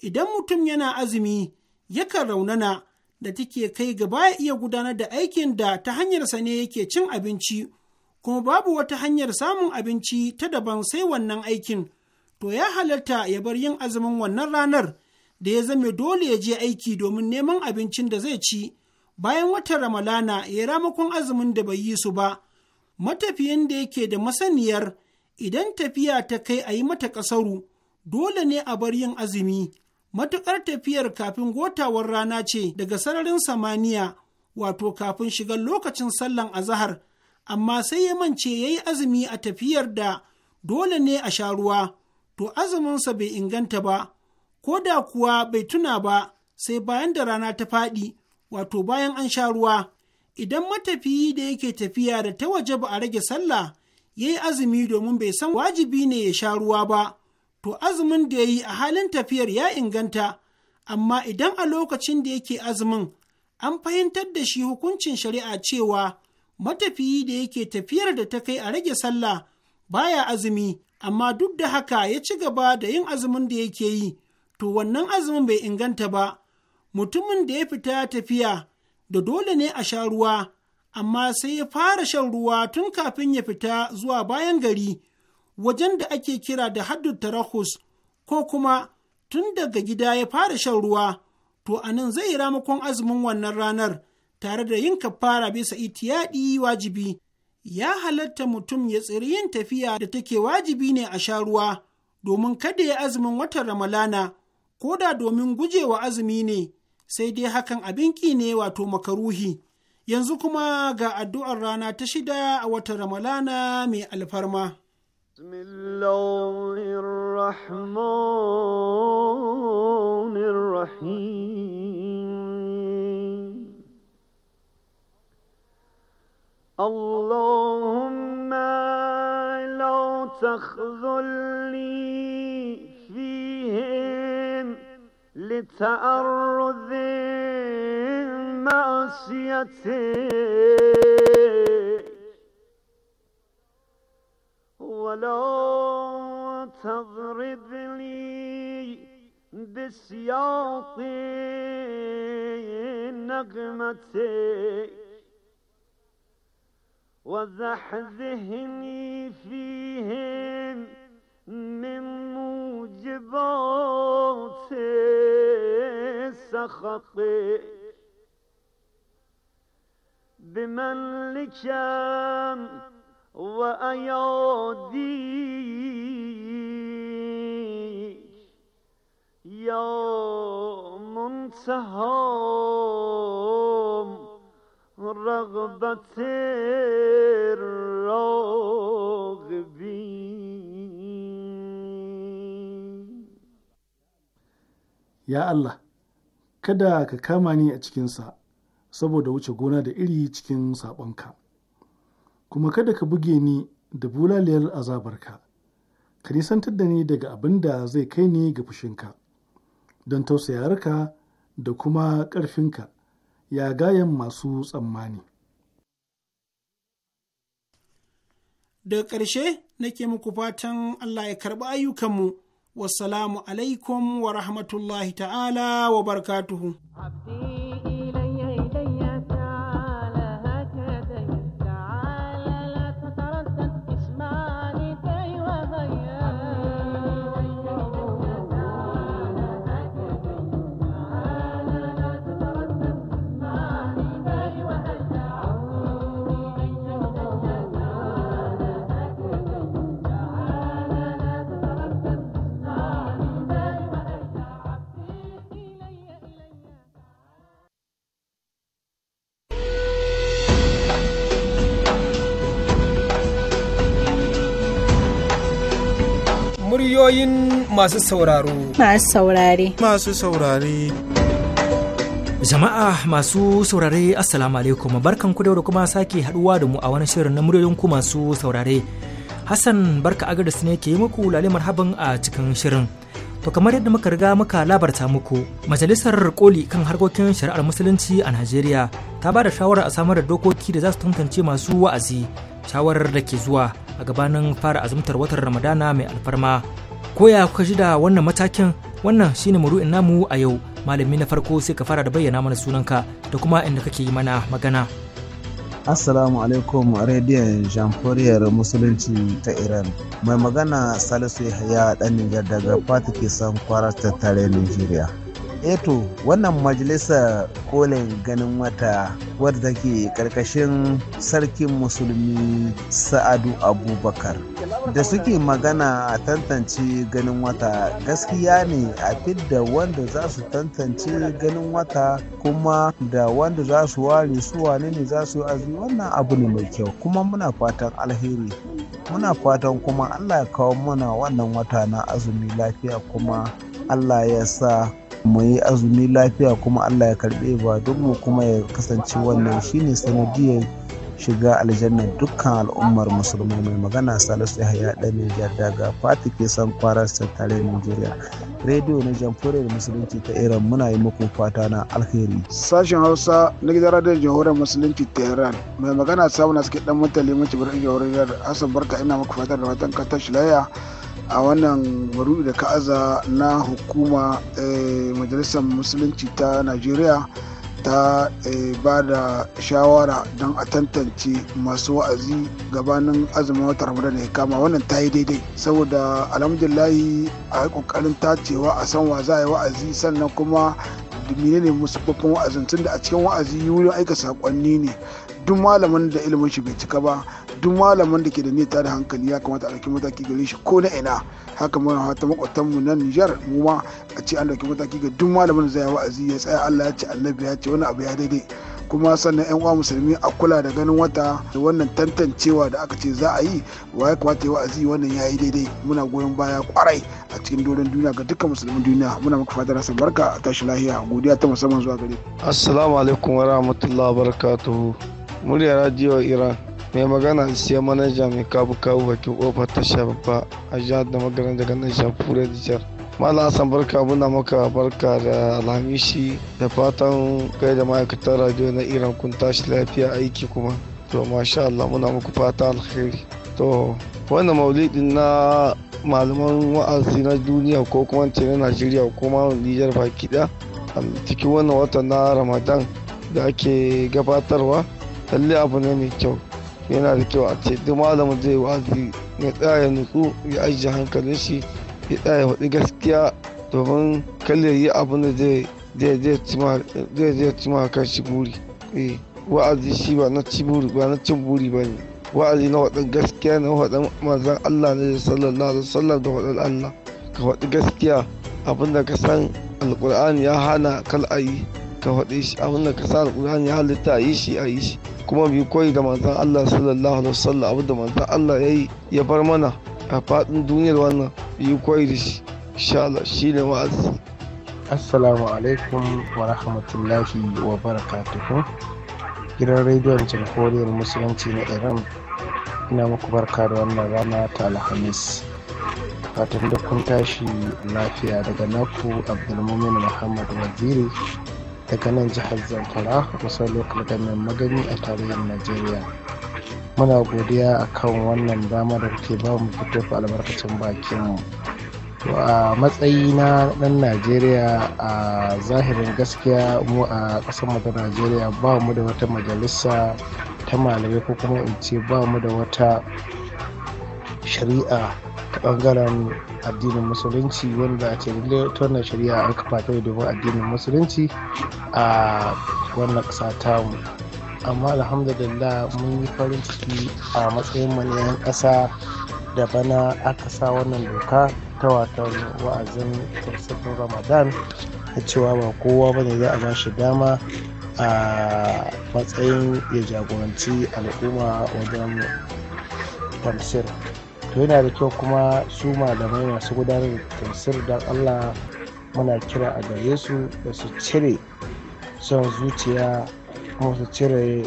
Idan mutum yana azumi, yakan raunana da take kai ga baya iya gudanar da aikin da ta hanyarsa ne yake cin abinci, kuma babu wata hanyar samun abinci ta daban sai wannan aikin. To ya halatta ya bar yin azumin wannan ranar da ya zame dole ya je aiki domin neman abincin da zai ci. Bayan wata Ramalana ya ramakon azumin da bai yi su ba. matafiyan da yake da masaniyar idan tafiya ta kai a yi mata ƙasaru dole ne a bar yin azumi matuƙar tafiyar kafin gotawar rana ce daga sararin samaniya wato kafin shigar lokacin sallan azahar amma sai ya mance ya yi azumi a tafiyar da dole ne a sha ruwa to azuminsa bai inganta ba ko da kuwa bai tuna ba sai bayan da rana ta faɗi wato bayan an sha ruwa idan matafiyi da yake tafiya da ta waje ba a rage sallah ya yi azumi domin bai san wajibi ne ya sha ruwa ba, to azumin da ya yi a halin tafiyar ya inganta, amma idan a lokacin da yake azumin an fahimtar da shi hukuncin shari'a cewa matafiyi da yake tafiyar da ta kai a rage sallah baya azumi, amma duk da haka ya ci gaba da yin azumin da yake yi, to wannan azumin bai inganta ba. Mutumin da ya fita tafiya da dole ne a sha ruwa, amma sai ya fara shan ruwa tun kafin ya fita zuwa bayan gari, wajen da ake kira da haddun tarahus ko kuma tun daga gida ya fara shan ruwa, to a nan zai ramakon azumin wannan ranar tare da yin kafara bisa itiyaɗi wajibi. Ya halatta mutum ya tsiri yin tafiya da take wajibi ne a sha ruwa, domin kada ya azumin watan Ramalana, ko da domin gujewa azumi ne. sai dai hakan abinki ne wato makaruhi yanzu kuma ga addu'ar rana ta shida a watan ramalana mai alfarma تخذلني فيه لتأرذ معصيتي ولا تضرب لي بسياط نغمتي وزحزهني في خطئ بمن لشام وأيادي يا منتهام رغبة الراغبين يا الله kada ka kama ni a cikinsa saboda wuce gona da iri cikin saɓonka kuma kada ka buge ni da bulaliyar azabarka ka nisantar da ni daga abin da zai kai ni ga fushinka don tausayarka da kuma ƙarfinka ya gayan masu tsammani daga ƙarshe nake muku fatan allah ya karɓi ayyukanmu wassalamu alaikum wa rahmatullahi ta'ala wa barkatuhu. muryoyin masu sauraro. Masu saurare. Masu saurare. Jama'a masu saurare Assalamu alaikum barkan ku da kuma sake haduwa da mu a wani shirin na muryoyin ku masu saurare. Hassan barka agadis ne ke yi muku lale marhaban a cikin shirin. To kamar yadda muka riga muka labarta muku, Majalisar Koli kan harkokin shari'ar Musulunci a Najeriya ta ba da shawarar a samar da dokoki da za su tantance masu wa'azi, shawarar da ke zuwa a gabanin fara azumtar watan ramadana mai alfarma koya kuka ji da wannan matakin wannan shine muru'in namu a yau malami na farko sai ka fara da bayyana mana sunanka da kuma inda kake yi mana magana Assalamu alaikum rediyon jamhuriyar musulunci ta Iran. Mai magana Salisu Yahaya ɗan Nijar daga Fati Kwarar Tattare Nijeriya. eto eh wannan majalisar kolin ganin wata wadda take karkashin sarkin musulmi sa'adu abubakar da suke magana a tantance ganin wata gaskiya ne a fidda wanda za su tantance ganin wata kuma da wanda za su ware su wane ne za su yi wannan abu ne mai kyau kuma muna fatan alheri muna fatan kuma allah ya kawo mana wannan wata na azumi lafiya kuma allah ya sa mu yi azumi lafiya kuma Allah ya karbe ba duk mu kuma ya kasance wannan shine sanadiyar shiga aljanna dukkan al'ummar musulmai mai magana salisu ya haya da niger daga fati ke san kwarar tare nigeria rediyo na jamhuriyar musulunci ta iran muna yi muku fata na alheri sashen hausa na gidan radio jamhuriyar musulunci ta iran mai magana samu suke dan mutane mace burin jamhuriyar hassan barka ina muku fata da watan ka shilaya laya a wannan maru'i da ka'aza na hukuma eh, majalisar musulunci ta najeriya ta eh, ba da shawara don a tantance masu wa'azi gabanin azumin watan ramadan ya kama wannan ta yi daidai saboda alhamdulillahi a kokarin tacewa a san wa za a yi wa'azi sannan kuma menene babban wa'azin da a cikin wa'azi wurin aika sakonni ne duk malamin da ilimin shi bai cika ba duk malamin da ke da neta da hankali ya kamata a ɗauki mataki gare shi ko na ina haka muna fata mu na Nijar mu ma a ce an ɗauki mataki ga duk malamin da zai wa'azi ya tsaya Allah ya ce annabi ya ce wani abu ya daidai kuma sannan yan uwa musulmi a kula da ganin wata da wannan tantancewa da aka ce za a yi wa ya kamata ya wa'azi wannan ya yi daidai muna goyon baya kwarai a cikin doron duniya ga dukkan musulmin duniya muna maka fatan rasa barka a tashi lahiya godiya ta musamman zuwa gare assalamu alaikum wa rahmatullahi wa barakatuhu muryar radio iran mai magana isiya manaja mai kabu kabu bakin ofa tasha babba a jihar da magana daga nan shafura da jihar Malam barka muna maka barka da alhamishi da fatan kai da ma'aikatar radio na Iran kun tashi lafiya aiki kuma. To masha Allah muna muku fata alkhairi. To wannan maulidin na malaman wa'azi na duniya ko kuma ce na Najeriya ko ma Nijar baki da cikin wannan watan na Ramadan da ake gabatarwa lalle abu ne mai kyau. yana da kyau a ce duk malamin zai wa'azi ya tsaya nutsu ya ajiye hankalin shi ya tsaya faɗi gaskiya domin kalle yi abin da zai cima kan shi buri eh, wa'azi shi ba na ci buri ba na cin buri ba ne wa'azi na waɗin gaskiya na waɗin manzan Allah ne sallallahu alaihi wasallam da waɗin Allah ka faɗi gaskiya abin da ka san alkur'ani ya hana kal ayi ka faɗe shi abin da ka sa alƙur'ani ya halitta a yi shi a yi shi kuma bi koyi da manzan Allah sallallahu alaihi wasallam abin da manzan Allah ya yi ya bar mana a faɗin duniyar wannan bi koyi da shi insha Allah shi ne wa'azi assalamu alaikum wa rahmatullahi wa barakatuhu gidan rediyon jamhuriyar musulunci na iran ina muku barka da wannan rana ta alhamis fatan da kun tashi lafiya daga naku abdulmumin muhammad waziri daga nan jihar zamfara kusa lokal ganin magani a tarihin najeriya muna godiya a kan wannan dama da kuke ba mu fito albarkacin bakinmu to a matsayi na ɗan najeriya a zahirin gaskiya mu a ƙasarmu ta najeriya ba mu da wata majalisa ta malamai ko kuma in ce ba mu da wata shari'a ta bangaren addinin musulunci wanda ke tona shari'a an kafa ta domin addinin musulunci a wannan ƙasa mu amma alhamdulillah mun yi farin ciki a matsayin mu ƙasa da bana aka sa wannan doka ta watan wa'azin tafsirin ramadan da cewa ba kowa ba ne za a ba shi dama a matsayin ya jagoranci al'umma wajen tamsir to yana da kyau kuma su malamai masu gudanar da tafsir don allah muna kira a gare su da su cire son zuciya kuma su cire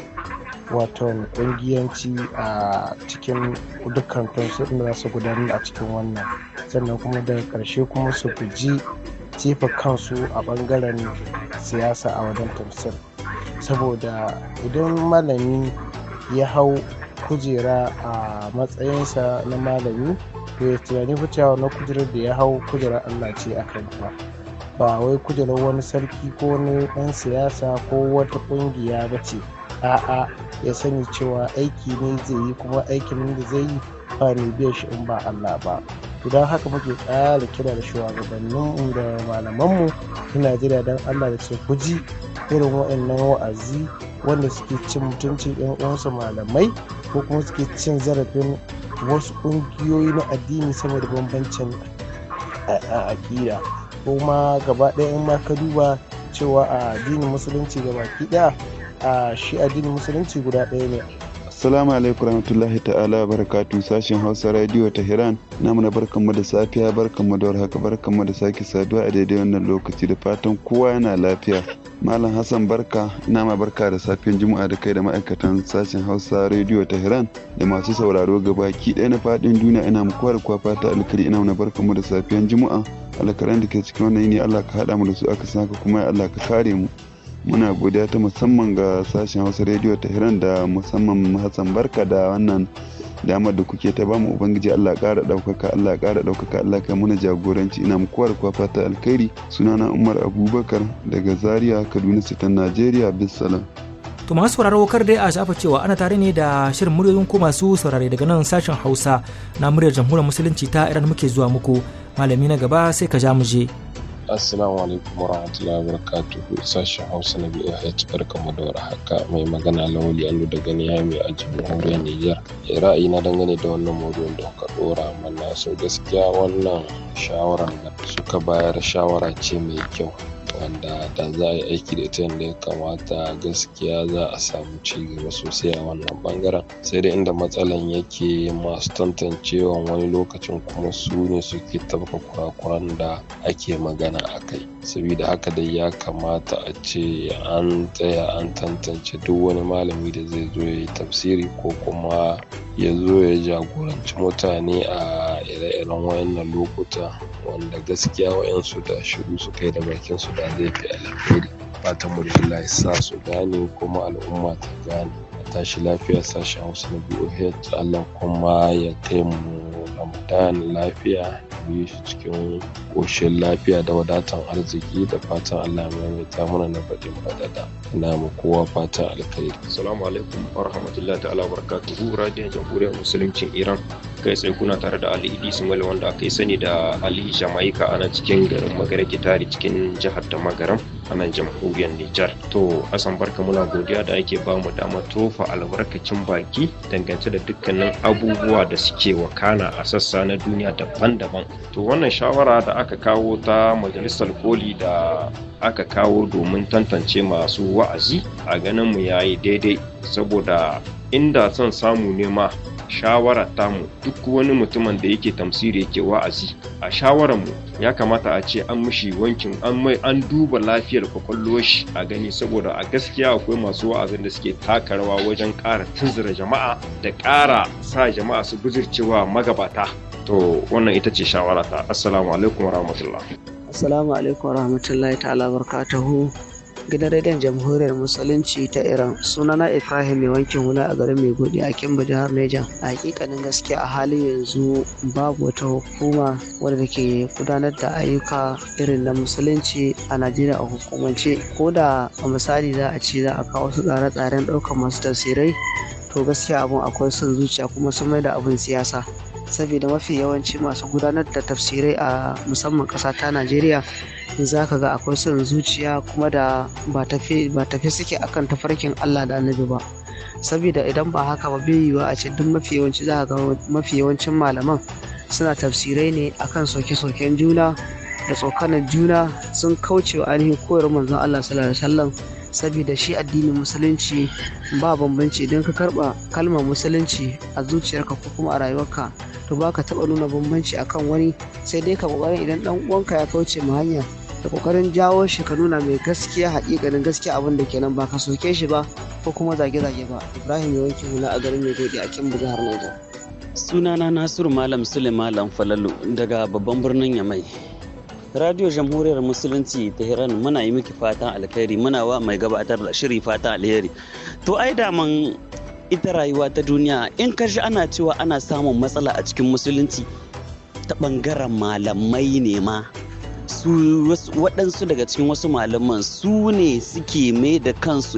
wato ƙungiyanci a cikin dukkan tafsir da za su gudanar a cikin wannan sannan kuma daga ƙarshe kuma su guji jefa kansu a ɓangaren siyasa a wajen tafsir saboda idan malami ya hau kujera a matsayinsa na malami to ya tunani cewa na kujerar da ya hau kujerar allah ce a kan ba wai kujerar wani sarki ko wani ɗan siyasa ko wata ƙungiya ba ce a'a ya sani cewa aiki ne zai yi kuma aikin da zai yi ba ne biya shi in ba allah ba Idan haka muke ƙara kira da shugabanninmu da malamanmu suna jira don allah da su guji irin waɗannan wa'azi wanda suke cin mutuncin 'yan uwansu malamai ko kuma suke cin zarafin wasu ƙungiyoyi na addini saboda bambancin aƙida kuma gaba ɗaya in ma ka duba cewa a addinin musulunci gaba ɗaya a shi addinin musulunci guda ɗaya ne Assalamu alaikum warahmatullahi ta'ala barakatun sashen Hausa Radio Tehran namu na barkanmu da safiya barkanmu da warhaka barkanmu da sake saduwa a daidai wannan lokaci da fatan kowa yana lafiya. Malam Hassan barka ina ma barka da safiyan Juma'a da kai da ma'aikatan sashen Hausa Radio Tehran da masu sauraro gabaki ɗaya na faɗin duniya ina muku har kwa fata alkari ina na barkanmu da safiyan Juma'a alkaran da ke cikin wannan yini Allah ka haɗa mu da su aka saka kuma Allah ka kare mu. muna godiya ta musamman ga sashen hausa rediyo ta hiran da musamman hassan barka da wannan damar da kuke ta bamu ubangiji allah kara ɗaukaka allah kara ɗaukaka allah kai mana jagoranci ina mukuwar kwafa ta alkhairi sunana umar abubakar daga zaria kaduna sitan nigeria bisalam To masu sauraro kar dai a shafa cewa ana tare ne da shirin muryoyin ko masu saurare daga nan sashen Hausa na muryar jamhuriyar musulunci ta Iran muke zuwa muku. Malami na gaba sai ka ja mu je. Assalamu alaikum warahmatullahi wabarakatuh sashen Hausa na biyu ya ci barkanmu da haka mai magana na Lawali Allo daga Niyami a jamhuriyar Nijar. Eh, na dangane da wannan maudu'in da ka dora mana so gaskiya wannan shawarar da suka bayar shawara ce mai kyau wanda da za a yi aiki da ita yadda ya kamata gaskiya za a samu cigaba sosai a wannan bangaren sai dai inda matsalan yake masu tantancewa wani lokacin kuma su ne suke tabka kurakuran da ake magana a kai saboda haka dai ya kamata a ce an tsaya an tantance duk wani malami da zai zo ya yi tafsiri ko kuma ya zo ya jagoranci mutane a irin iren wayannan lokuta wanda gaskiya wayansu da shiru su kai da bakin su da zai fi alheri fatan mu da ya sa su gane kuma al'umma ta gane a tashi lafiya sashi hausa na BOH Allah kuma ya kai mu Ramadan lafiya yi shi cikin ƙoshin lafiya da wadatan arziki da fatan Allah mai maimaita na baɗin badada na mu kowa fatan alkhairi. Assalamu alaikum wa rahmatullahi ta'ala barakatuhu radiyon jamhuriyar musulunci Iran. kai tsaye kuna tare da Ali Idi Sumal wanda aka yi sani da Ali Jamaika a cikin garin Magare tare cikin jihar da Magaram a nan jamhuriyar Nijar. To Hassan barka muna godiya da ake ba mu dama tofa albarkacin baki dangance da dukkanin abubuwa da suke wakana a sassa na duniya daban-daban. To wannan shawara da aka kawo ta majalisar koli da aka kawo domin tantance masu wa'azi a ganin mu yayi daidai saboda inda son samu nema ma shawara tamu duk wani mutumin da yake tamsiri yake wa'azi a shawarar mu ya kamata a ce an mishi wankin an mai an duba lafiyar kwakwalwar shi a gani saboda a gaskiya akwai masu wa'azin da suke taka rawa wajen ƙara tunzura jama'a da ƙara sa jama'a su guzurcewa magabata to wannan ita ce shawara ta assalamu alaikum warahmatullahi assalamu alaikum warahmatullahi ta'ala barkatahu gidan rediyon jamhuriyar musulunci ta iran sunana ibrahim mai wankin hula a garin maigodi a kimba jihar neja a hakikanin gaskiya a halin yanzu babu wata hukuma wadda ke gudanar da ayyuka irin na musulunci a najeriya a hukumance ko da a misali za a ce za a kawo su tsare-tsaren ɗaukar masu tasirai to gaskiya abin akwai son zuciya kuma sun mai da abin siyasa saboda mafi yawanci masu gudanar da tafsirai a musamman ƙasa ta najeriya za ka ga akwai son zuciya kuma da ba tafi suke akan tafarkin allah da annabi ba saboda idan ba haka ba bai yiwuwa a ce duk mafi yawanci za ga mafi yawancin malaman suna tafsirai ne akan soke-soken juna da tsokanar juna sun kaucewa wa ainihin koyar manzon Allah sallallahu alaihi wasallam saboda shi addinin musulunci ba bambanci idan ka karba kalma musulunci a zuciyarka ko kuma a rayuwarka to ba ka taba nuna bambanci akan wani sai dai ka kokarin idan dan uwanka ya kauce ma hanya da kokarin jawo shi ka nuna mai gaskiya haƙiƙanin gaskiya abin da kenan ba ka soke shi ba ko kuma zage-zage ba ibrahim ya wanke hula a garin mai gode a kimbu jihar niger sunana nasiru malam sule malam falalu daga babban birnin yamai Radio Jamhuriyar Musulunci ta Tehran muna yi miki fatan alheri, muna wa mai gabatar da shiri fatan alheri. To ai daman ita rayuwa ta duniya in karshe ana cewa ana samun matsala a cikin musulunci ta bangaren malamai ne ma. Su waɗansu daga cikin wasu malaman su ne suke mai da kansu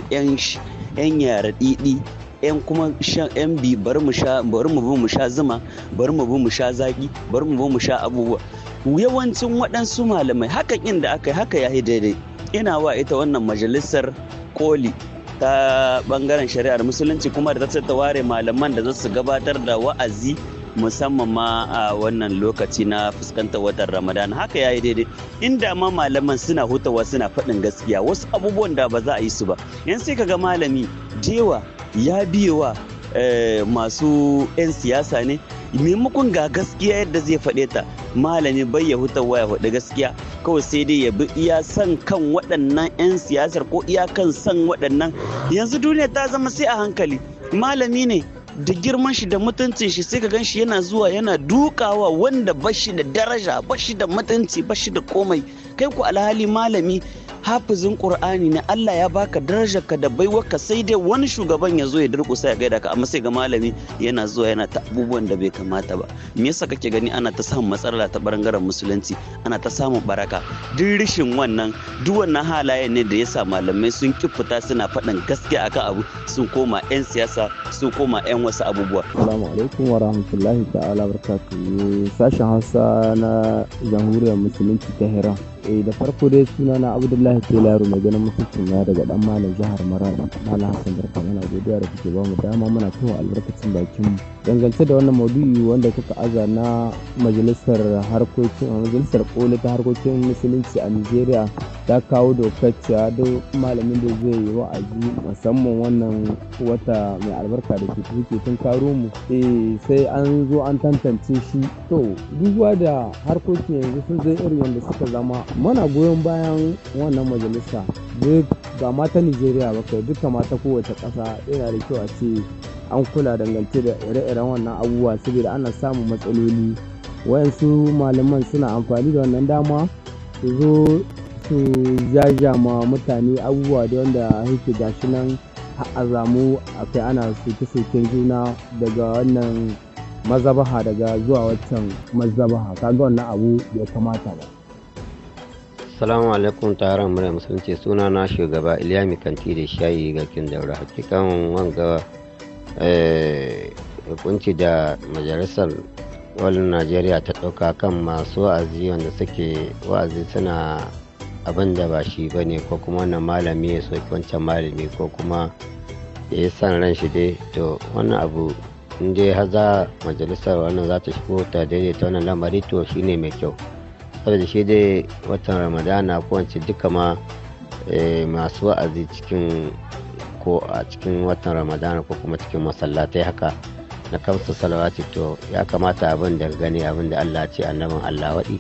'yan yara ɗiɗi 'yan kuma shan 'yan bi bari mu sha bari mu bi mu sha zuma bari mu bi mu sha zaki bari mu bi mu sha abubuwa yawancin waɗansu malamai hakan inda aka haka ya yi daidai ina wa ita wannan majalisar koli ta bangaren shari'ar musulunci kuma da ta ware malaman da za su gabatar da wa'azi musamman ma a wannan lokaci na fuskantar watan ramadan haka yi daidai inda ma malaman suna hutawa suna faɗin gaskiya wasu abubuwan da ba za a yi su ba yan sai ga malami jewa ya biye wa eh, masu 'yan siyasa ne maimakon ga gaskiya yadda zai faɗe ta malami bai ya hutawa ya faɗi gaskiya kawai sai dai ya bi iya san kan waɗannan 'yan siyasar ko iya kan san waɗannan yanzu duniya ta zama sai a hankali malami ne da girman shi da mutuncin shi sai ka gan shi yana zuwa yana dukawa wanda bashi da daraja bashi da mutunci bashi da komai kai ku alhali malami hafizin ƙur'ani na Allah ya baka ka da baiwarka sai dai wani shugaban ya zo ya durkusa ya gaida ka amma sai ga malami yana zuwa yana ta abubuwan da bai kamata ba me yasa kake gani ana ta samun matsala ta bangaren musulunci ana ta samun baraka duk rishin wannan duk wannan halayen ne da yasa malamai sun fita suna faɗin gaskiya akan abu sun koma 'yan siyasa sun koma 'yan wasu abubuwa assalamu alaikum wa rahmatullahi ta'ala barakatuhu sashen hausa na jamhuriyar musulunci ta hiran eh da farko dai suna na abdullahi telaru mai ganin mutuncin ya daga dan malam jihar Mara malam hassan barka yana godiya da kuke bamu dama muna wa albarkacin bakin mu dangance da wannan maudu'i wanda kuka aza na majalisar harkokin majalisar koli ta harkokin musulunci a nigeria ta kawo dokar cewa duk malamin da zai yi wa'azi musamman wannan wata mai albarka da ke tuke tun karo mu eh sai an zo an tantance shi to duk da harkokin yanzu sun zai irin yadda suka zama muna goyon bayan wannan majalisa ga mata nigeria ba kai duka mata kowace ƙasa yana da kyau a ce an kula dangance da ire-iren wannan abubuwa saboda ana samun matsaloli wayansu malaman suna amfani da wannan dama su zo su jajama mutane abubuwa da wanda yake gashi nan a zamu a kai ana soke-soken juna daga wannan mazabaha daga zuwa waccan mazabaha kaga wannan abu ya kamata ba Assalamu alaikum taron murya musulunci suna na shugaba Iliya Kanti da shayi garkin daura hakikan wanga eh, hukunci da majalisar walin Najeriya ta ɗauka kan masu wa'azi wanda suke wa'azi suna abin da ba shi ba ne ko kuma wannan malami ya soki wancan malami ko kuma ya yi san ran shi dai to wannan abu in dai haza majalisar wannan za ta shigo ta daidaita wannan lamari to shine mai kyau da shi dai watan ramadana ko wance duka ma eh, masu wa'azi cikin ko a cikin watan ramadana ko kuma cikin masallatai haka na kamsa salawati to ya kamata abin da gani abin da allah ce annabin allah waɗi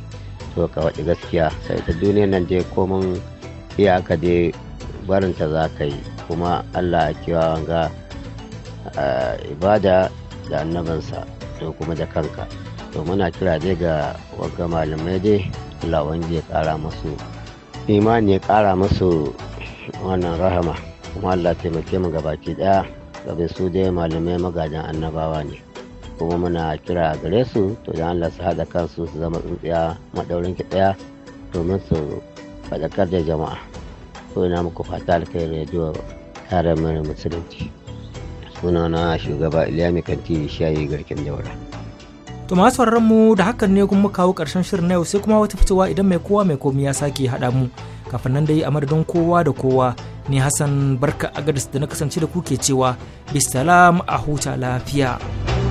to ka waɗi gaskiya sai ta duniyar nan dai komin iyaka dai barinta za ka yi kuma allah kewa wanga eh, ibada da annabinsa to kuma da kanka to muna kira dai ga wagga malamai dai lawan wanda ya kara masu imani ya kara masu wannan rahama kuma Allah taimake mu gabaki daya gabe su dai malamai magajan annabawa ne kuma muna kira gare su to dan Allah su haɗa kansu su zama tsuntsiya madaurin ki ɗaya domin su faɗakar da jama'a ko ina muku fata alkai rediyo tare mai musulunci sunana shugaba Iliya Kanti shayi garkin daura To masu mu da hakan ne kuma kawo ƙarshen shirin na yau sai kuma wata fitowa idan mai kowa mai komi ya sake haɗa mu. Kafin nan dai a madadin kowa da kowa ni Hassan Barka Agadis da na kasance da ku ke cewa bisalam a huta lafiya.